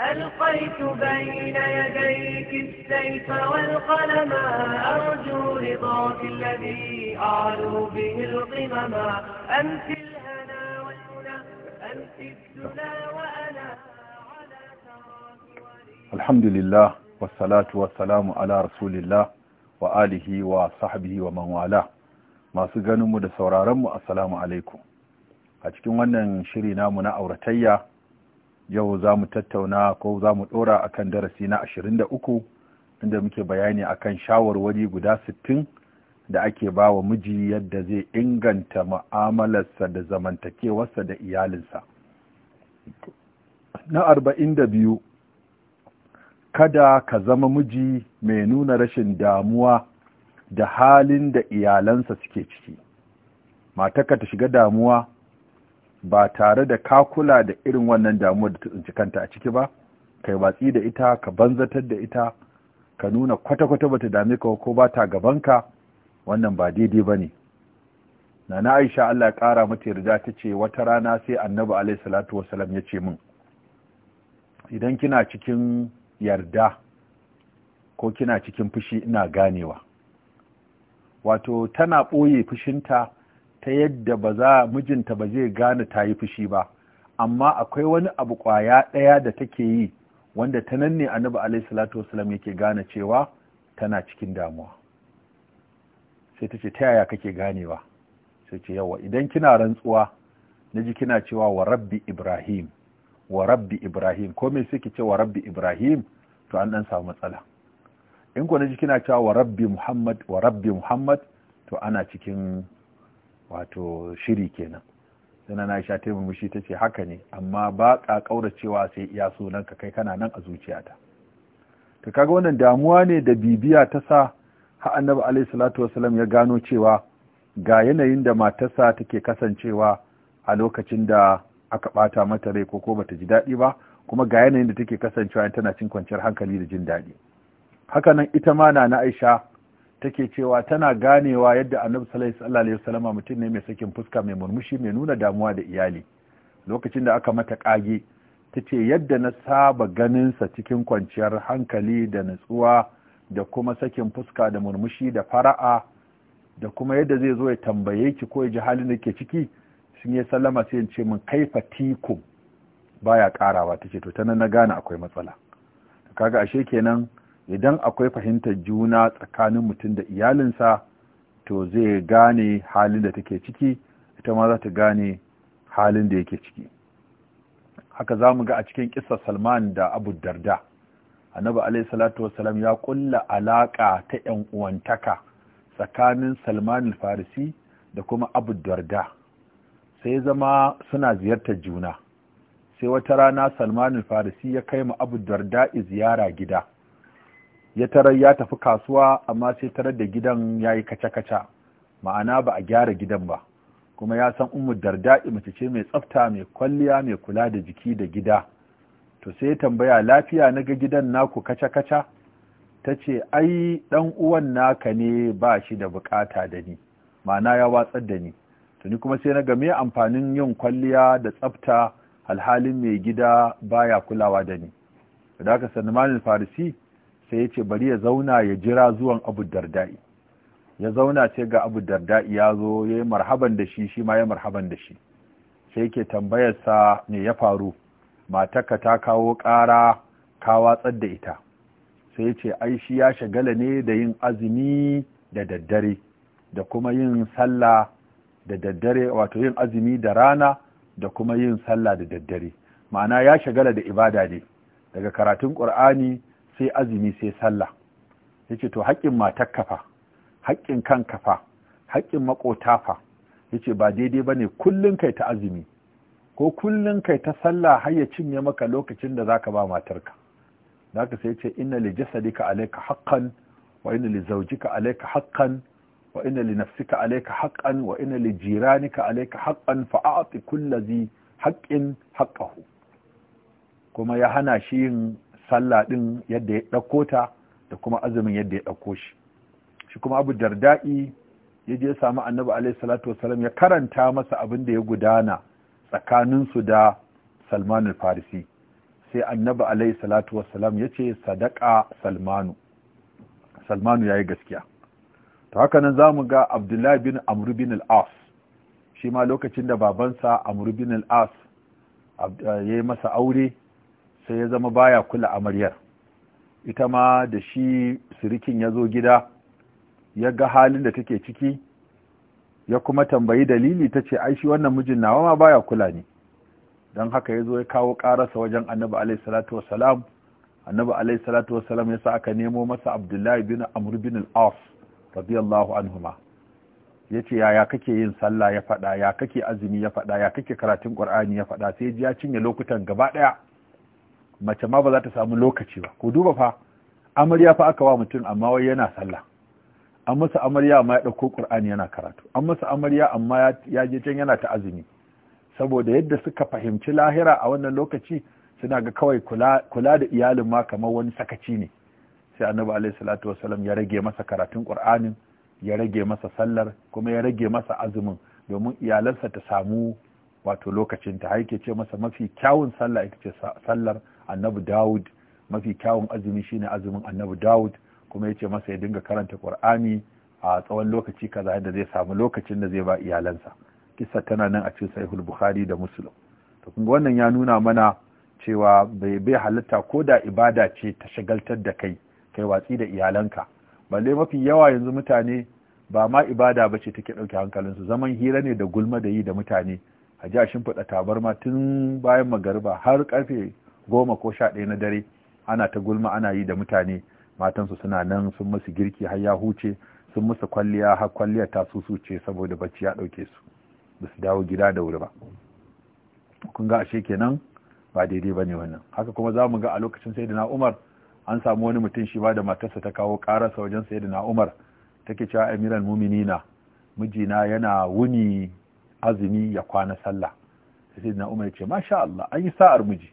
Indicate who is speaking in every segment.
Speaker 1: ألقيت بين يديك السيف والقلم أرجو رضاك الذي أعلو به القمم أنت الهنا والهنا أنت الدنا وأنا الحمد لله والصلاة والسلام على رسول الله وآله وصحبه ومن والاه ما سجنوا دسورارم سورارم السلام عليكم هاتكين وانا نشري نامنا أورتيا yau za mu tattauna ko za mu ɗora a kan darasi na 23 inda muke bayani a kan shawarwari guda sittin da ake ba wa miji yadda zai inganta ma'amalarsa da zamantakewarsa da iyalinsa na arba'in da biyu. kada ka zama miji mai nuna rashin damuwa da halin da iyalansa suke ciki mataka ta shiga damuwa ba tare da ka kula da irin wannan damuwar da ta tsinci kanta a ciki ba kai watsi da ita ka banzatar da ita ka nuna kwata-kwata bata dame ka ko ba ta gabanka wannan ba daidai ba ne na na aisha allah ƙara mata yarda ta ce wata rana sai annabi alaihi salatu wasalam ya ce min idan kina cikin yarda ko kina cikin fushi ina ganewa wato tana ɓoye fushinta ta yadda ba za mijinta ba zai gane ta yi fushi ba amma akwai wani abu kwaya ɗaya da take yi wanda ta nan ne annabi alaihi salatu wasalam yake gane cewa tana cikin damuwa sai ta ce ta yaya kake ganewa sai ce yawa idan kina rantsuwa na ji kina cewa wa rabbi ibrahim wa rabbi ibrahim ko me suke ce wa rabbi ibrahim to an dan samu matsala in ko na ji kina cewa wa rabbi muhammad wa rabbi muhammad to ana cikin wato shiri kenan sana na sha taimu mushi ta ce haka ne amma ba ka cewa sai iya sunan ka kai kana nan a zuciyata ta. kaga wannan damuwa ne da bibiya ta sa har annabi alaihi salatu wasallam ya gano cewa ga yanayin da matarsa take kasancewa a lokacin da aka ɓata mata rai ko ko bata ji daɗi ba kuma ga yanayin da take kasancewa tana cin kwanciyar hankali da jin daɗi haka nan ita ma na Aisha take cewa tana ganewa yadda annabi sallallahu alaihi wasallama mutum ne mai sakin fuska mai murmushi mai nuna damuwa da iyali lokacin da aka mata kage tace yadda na saba ganin sa cikin kwanciyar hankali da nutsuwa da kuma sakin fuska da murmushi da fara'a da kuma yadda zai zo ya tambaye ki ko ya ji halin da ke ciki sun yi sallama sai in ce min kaifa tikum baya karawa tace to ta na gane akwai matsala kaga ashe kenan idan akwai fahimtar juna tsakanin mutum da iyalinsa to zai gane halin da take ciki ita ma za ta gane halin da yake ciki haka za mu ga a cikin ƙisar salman da abu darda annabi alaihi salatu wasalam ya kulla alaƙa ta 'yan uwantaka tsakanin salman farisi da kuma abu darda sai zama suna ziyartar juna sai wata rana salman farisi ya kai ma abu darda ziyara gida ya tarar ya tafi kasuwa amma sai tarar da gidan ya yi kaca-kaca ma'ana ba a gyara gidan ba kuma ya san umu darda'i mace ce mai tsafta mai kwalliya mai kula da jiki da gida to sai tambaya lafiya na ga gidan naku kaca-kaca ta ce ai ɗan uwan naka ne ba shi da bukata da ni ma'ana ya watsar da ni tuni kuma sai na ga me amfanin yin kwalliya da tsafta alhalin mai gida baya kulawa da ni da haka sannan farisi sai ya ce bari ya zauna ya jira zuwan abu dardai ya zauna ce ga abu dardai ya zo ya yi marhaban da shi shi ma ya marhaban da shi sai yake tambayarsa ne ya faru matarka ta kawo ƙara ka watsar da ita sai ce ai shi ya shagala ne da yin azumi da daddare da kuma yin sallah da daddare wato yin azumi da rana da kuma yin sallah da daddare ma'ana ya shagala da ibada ne daga karatun ƙur'ani sai azumi sai sallah yace to haƙƙin matar kafa haƙƙin kan kafa haƙƙin makota fa yace ba daidai bane kullun kai ta azumi ko kullun kai ta sallah har ya cinye maka lokacin da zaka ba matarka zaka sai yace inna li jasadika alayka haqqan wa inna li zawjika alayka haqqan wa inna li nafsika alayka haqqan wa inna li jiranika alayka haqqan fa a'ti kullazi haqqin haqqahu kuma ya hana shi yin sallah din yadda ya ɗauko ta da kuma azumin yadda ya ɗauko shi shi kuma abu darda'i ya je samu annabi alaihi salatu wasalam ya karanta masa abin da ya gudana tsakaninsu da salmanul farisi sai annabi alaihi salatu wasalam ya ce sadaka salmanu salmanu ya yi gaskiya to haka nan za mu ga abdullahi bin amru bin al'as shi ma lokacin da babansa amru bin al'as eh, ya yi masa aure sai ya zama baya kula amaryar ita ma da shi sirikin ya zo gida ya ga halin da take ciki ya kuma tambayi dalili ta ce ai shi wannan mijin nawa ma baya kula ne don haka ya zo ya kawo ƙararsa wajen annabi alaihi salatu wasalam annabi alaihi salatu wasalam ya sa aka nemo masa abdullahi bin Amur, bin al radiyallahu anhuma ya ce yaya kake yin sallah ya faɗa ya kake azumi ya faɗa ya kake karatun ƙur'ani ya faɗa sai ya cinye lokutan gaba ɗaya mace ma ba za ta samu lokaci ba ku duba fa amarya fa aka wa mutum amma wai yana sallah an masa amarya amma ya ɗauko ƙur'ani yana karatu an masa amarya amma ya je can yana ta azumi saboda yadda suka fahimci lahira a wannan lokaci suna ga kawai kula da iyalin ma kamar wani sakaci ne sai annabi alaihi salatu wasallam ya rage masa karatun ƙur'anin ya rage masa sallar kuma ya rage masa azumin domin iyalansa ta samu wato lokacin ta haike ce masa mafi kyawun sallah ita ce sallar annabi Dawud mafi kyawun azumi shine azumin annabi Dawud kuma ya ce masa ya dinga karanta Qur'ani a tsawon lokaci kaza yadda zai samu lokacin da zai ba iyalansa Kisa tana nan a cikin sahihul Bukhari da Muslim to kun wannan ya nuna mana cewa bai bai halatta ko da ibada ce ta shagaltar da kai kai watsi da iyalanka balle mafi yawa yanzu mutane ba ma ibada ba ce take ɗauke hankalinsu zaman hira ne da gulma da yi da mutane a ji a shimfiɗa tabarma tun bayan magariba har karfe goma ko sha ɗaya na dare ana ta gulma ana yi da mutane matansu suna nan sun musu girki har ya huce sun musu kwalliya har kwalliya ta ce saboda bacci ya ɗauke su ba su dawo gida da wuri ba kun ga ashe kenan ba daidai ba ne wannan haka kuma za mu ga a lokacin sai na umar an samu wani mutum shi ba da matarsa ta kawo karasa wajen sai na umar take cewa amiral muminina mijina yana wuni azumi ya kwana sallah sai na umar ce masha Allah an yi sa'ar miji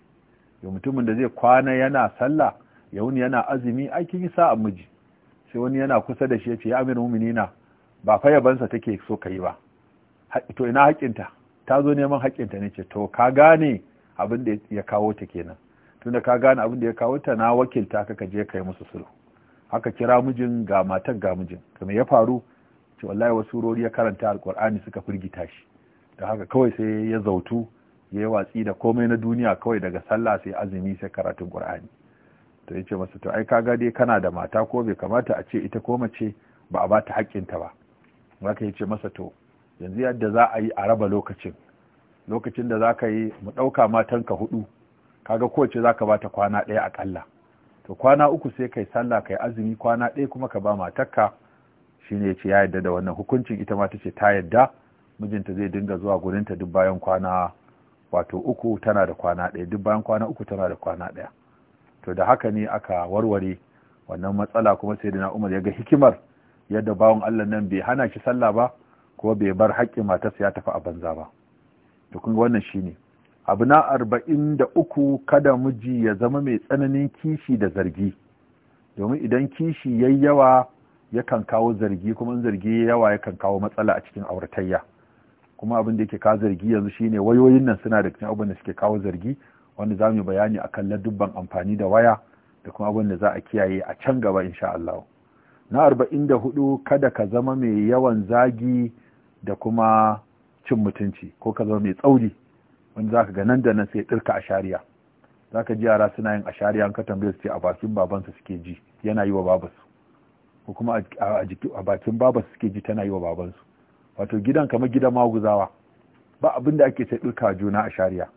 Speaker 1: yau mutumin da zai kwana yana sallah ya wuni yana azumi ai kin yi sa'ar miji sai wani yana kusa da shi ya ce ya amir muminina ba fa yabansa take so ka ba to ina haƙinta ta zo neman haƙinta ne ce to ka gane abin da ya kawo ta kenan tunda ka gane abin da ya kawo ta na wakilta ka ka je kai yi musu sulhu haka kira mijin ga matar ga mijin to ya faru ce wallahi wasu rori ya karanta alkur'ani suka firgita shi da haka kawai sai ya zautu ya yi watsi da komai na duniya kawai daga sallah sai azumi sai karatun qur'ani to yace masa to ai kaga dai kana da mata ko bai kamata a ce ita ko mace ba a bata ta ba haka yace masa to yanzu yadda za a yi a raba lokacin lokacin da zaka yi mu ɗauka matanka hudu kaga kowace zaka bata kwana ɗaya akalla to kwana uku sai kai sallah kai azumi kwana ɗaya kuma ka ba matarka shine yace ya yadda da wannan hukuncin ita ma ce ta yadda mijinta zai dinga zuwa gurinta duk bayan kwana wato uku tana da kwana ɗaya duk bayan kwana uku tana da kwana ɗaya to da haka ne aka warware wannan matsala kuma sai na umar ya ga hikimar yadda bawan allah nan bai hana shi sallah ba ko bai bar haƙƙin matarsa ya tafi a banza ba to kun wannan shi ne, abu na arba'in da uku kada miji ya zama mai tsananin kishi da zargi domin idan kishi yayi yawa yakan kawo zargi kuma zargi yawa yakan kawo matsala a cikin auratayya kuma abin da yake kawo zargi yanzu shine wayoyin nan suna da cikin abin da suke kawo zargi wanda za mu bayani a kan ladubban amfani da waya da kuma abin da za a kiyaye a can gaba insha Allah na arba'in da hudu kada ka zama mai yawan zagi da kuma cin mutunci ko ka zama mai tsauri wanda za ka ga nan da nan sai ɗirka a shari'a za ka ji yara suna yin a shari'a ka tambaye su ce a bakin babansa suke ji yana yi wa babansu ko kuma a bakin babansa suke ji tana yi wa babansu wato gidan kamar gidan maguzawa ba abin da ake sai juna a shari'a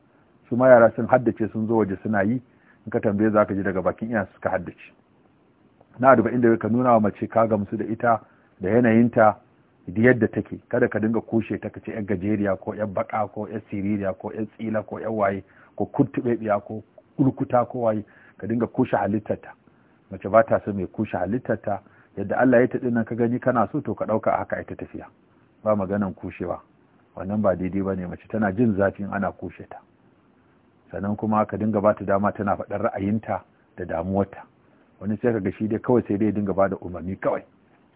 Speaker 1: su ma yara sun haddace sun zo waje suna yi in ka tambaye za ka ji daga bakin iya suka haddace na duba inda ka nuna wa mace ka gamsu da ita da yanayinta da yadda take kada ka dinga kushe ta ka ce yan gajeriya ko yan baka ko yan siririya ko yan tsila ko yan waye ko kurtubebiya ko kurkuta ko waye ka dinga kushe halittarta mace ba ta so mai kushe halittarta yadda Allah ya taɗi nan ka gani kana so to ka ɗauka a haka ita tafiya ba maganan kushewa wannan ba daidai ba ne mace tana jin zafin ana kushe ta sannan kuma ka dinga ba ta dama tana faɗar ra'ayinta da damuwarta wani sai ka gashi dai kawai sai dai dinga ba da umarni kawai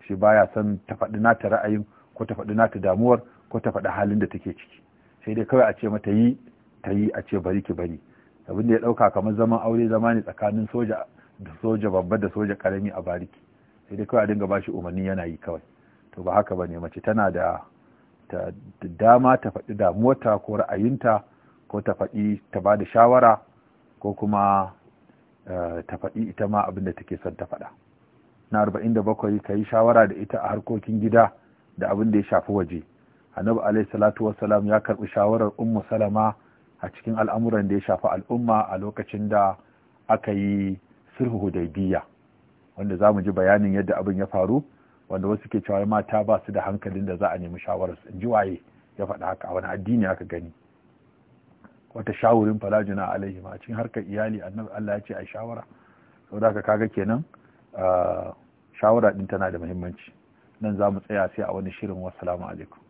Speaker 1: shi baya son ta faɗi nata ra'ayin ko ta faɗi nata damuwar ko ta faɗi halin da take ciki sai dai kawai a ce mata yi ta yi a ce bari ki bari abin da ya ɗauka kamar zaman aure zama ne tsakanin soja da soja babba da soja karami a bariki sai dai kawai a dinga ba shi umarni yana yi kawai to ba haka bane mace tana da dama ta faɗi da mota ko ra'ayinta ko ta faɗi ta ba da shawara ko kuma eh, ta faɗi ita ma abin da take son ta faɗa na arba'in da bakwai ka yi shawara da ita a harkokin gida da abin da ya shafi waje annabi alayhi salatu salam ya karɓi shawarar ummu salama a cikin al'amuran da ya shafi al'umma a lokacin da aka yi sulhu hudaybiyya wanda za mu ji bayanin yadda abin ya faru wanda wasu ke cewa mata ba su da hankalin da za a nemi shawarar su. in ji waye ya faɗa haka a wani addini aka gani wata shawurin falajina alaihi ma cikin harkar iyali annabi Allah ya ce a shawara saboda haka kaga kenan ah, shawara din tana da muhimmanci nan za mu tsaya sai a wani shirin wassalamu alaikum